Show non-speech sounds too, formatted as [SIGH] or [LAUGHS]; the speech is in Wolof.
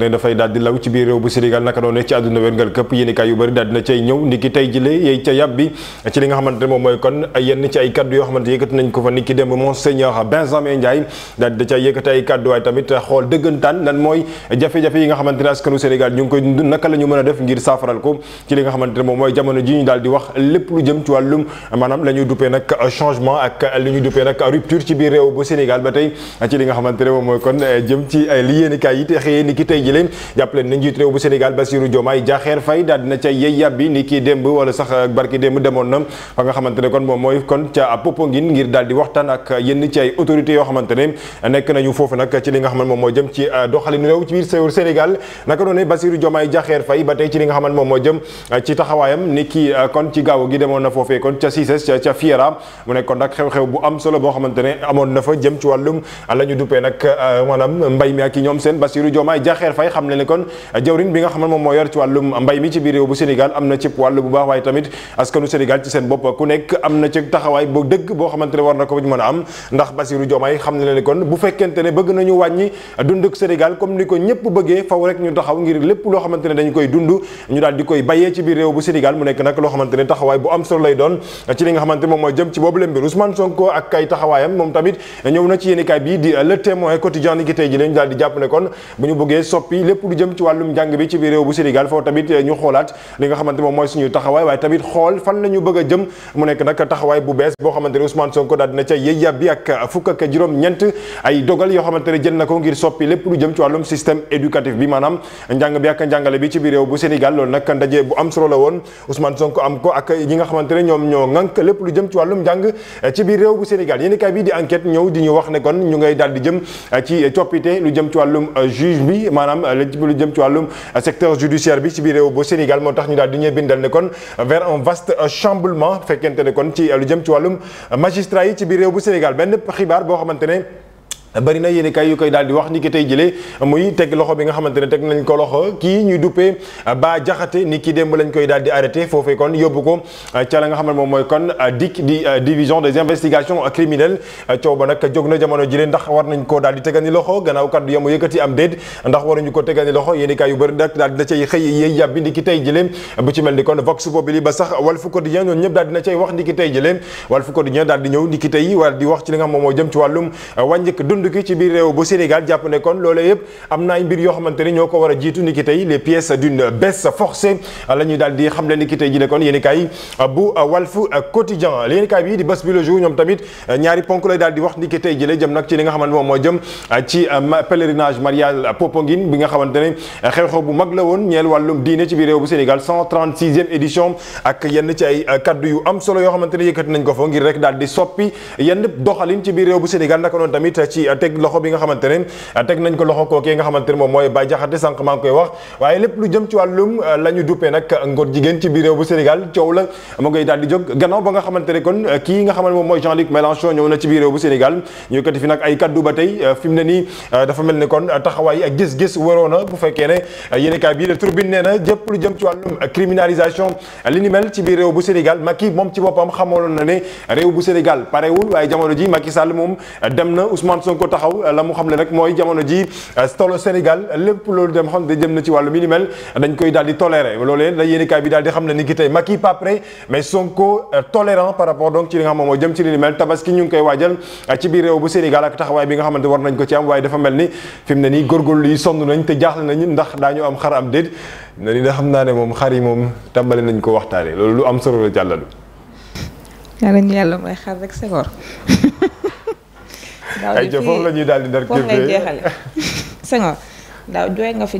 ne dafay daal law ci biir réew bu Sénégal naka tey a ci li nga xamante ne moom mooy kon jëm ci li yéenekaay yi te xëyee niki tey jile jàpp leen na njiit réew bu Sénégal Bassirou Diomaye Diakhar Faye daal dina ca yey yàbbi ni kii démb wala sax ak barki démb demoon na fa nga xamante ne kon moom mooy kon ca Popenguine ngir daal di waxtaan ak yenn ca autorité yoo xamante ne nekk nañu foofu nag ci li nga xamante moom moo jëm ci euh, doxalinu réew ci biir Sénégal naka noonu Bassirou Diomaye Diakhar Faye ba tey ci li nga xamante moom moo jëm euh, ci taxawaayam ni kii euh, kon ci gaaw gi demoon na foofee kon ca Cissés ca Fiera mu nekk kon nag xew-xew bu am solo boo xamante ne amoon na fa jëm ci wàllum la ñu duppee nag maanaam mbay mi ak ñoom seen Bassirou Diomaye Diakhar Faye xam ne ni kon jawrin bi nga xam ne moom moo yor ci wàllum mbay mi ci biir réew bu Sénégal am na ci wàllu bu baax waaye tamit askanu Sénégal ci seen bopp ku nekk am na ci taxawaay bu dëgg boo xamante ne war na ko nekk nag loo xamante taxawaay bu am solo lay doon ci li nga xamante moom mooy jëm ci boobu leen mbir Ousmane Sonko ak ay taxawaayam moom tamit ñëw na ci yéenekaay bii di Le Témoin quotidien ni ji lañu daal di jàpp ne kon bu ñu bëggee soppi lépp lu jëm ci wàllum njàng bi ci biir réew bu Sénégal foofu tamit eh, ñu xoolaat li nga xamante moom mooy suñuy taxawaay waaye tamit a jëm mu ndaje bu am solo woon Ousmane Sonko am ko ak ñi nga xamante ñoom ñoo ŋànk lépp lu jëm ci wàllum njàng eh, ci biir réew bu Sénégal yéen bi di enquête ñëw di ñu wax ne ñu ngay daal jëm eh, ci coppite lu jëm ci wàllum juge bi maanaam euh, lu jëm ci wàllum secteur judiciaire bi ci biir réew bu Sénégal moo tax ñu daal di ñuy bindal ne kon vers un vaste chamboulement fekkente ne kon ci lu jëm ci wàllum magistrat yi ci biir réew bu Sénégal benn xibaar boo xamante ne bari na yéen kay yu koy daal di wax ni ki tey jëlee muy teg loxo bi nga xamante ne teg nañ ko loxo kii ñuy duppee Bah Diakhaté ni ki démb lañ koy daal di foofee kon yóbbu ko euh, ca la nga xam ne moom mooy kon euh, DIC di euh, division des investigations criminelles coow ba nag na jamono ndax war nañ koo daal di tegani loxo gannaaw kaddu yamu yëkkati am déet ndax waruñu ko tegani loxo yéen kay yu bëri nag daal dina cay xëy yéey yàbbi ni ki bu ci mel ni kon Vox Populi ba sax Walf Quotidien ñoom ñëpp daal dina cay wax ni ki tey moo jëm ci wàllum wàññik dëkk ci biir réew bu Sénégal jàpp kon loolee yëpp am na ay mbir yoo xamante ñoo ko war a jiitu ni ki tey les d'une baisse forcée la ñuy di xam leen ni ki kon yéen kaay bu Walf Quotidien yéen kaay bi di bés bi le ñoom tamit ñaari ponk lay daal di wax ni ki jële jëm nag ci li nga xamante moom moo jëm ci pèlerinage marial Popenguine bi nga xamante xew-xew bu mag la woon ñeel wàllum diine ci biir réew bu Sénégal 136e teg loxo bi nga xamante ne teg nañ ko loxo kookee nga xamante ne moom mooy Bah Diakhaté sànq maa ngi koy wax waaye lépp lu jëm ci wàllum euh, bu Sénégal la ma ngay daal di jóg gannaaw ba nga xamante ne kon euh, kii nga xamante moom mooy Jean-Luc Mélenchon ñëw na ci biir réew bu Sénégal ñu yëkkati fi nag ay kaddu ba tey euh, fi mu ne nii dafa ak gis-gis waroo na bu fekkee ne yéenekaay bii de Tribune nee na jëpp lu jëm ci wàllum criminalisation li ni mel ci biir réew bu Sénégal Macky moom ci boppam xamaloon na ne réew bu Sénégal parewul waaye jamono ji Macky Sall moom dem na Ousmane Sonko Sonko taxaw euh, la mu xam ne rek mooy jamono ji euh, tolo Sénégal lépp loolu dem xam ne jëm na ci wàllu mi ni mel dañ koy daal di toléré loolee la yéenekaay bi daal di xam ne ni ki tey Macky pas prêt mais Sonko euh, tolérant par rapport donc ci li nga xam ne ñu ngi koy waajal ci biir réew bu Sénégal ak taxawaay bi nga xamante am waaye ni fi mu ne nii góorgóorlu yi sonn nañ te jaaxle nañ ndax am xar naa ne moom xar yi moom tàmbali nañ ko waxtaane loolu lu am solo la jàllalu yàlla ñu yàlla mooy xar rek [LAUGHS] daaw ay foofu la ñuy daal di ndar foofu lay jeexale [LAUGHS] Senghor daaw jooy nga fi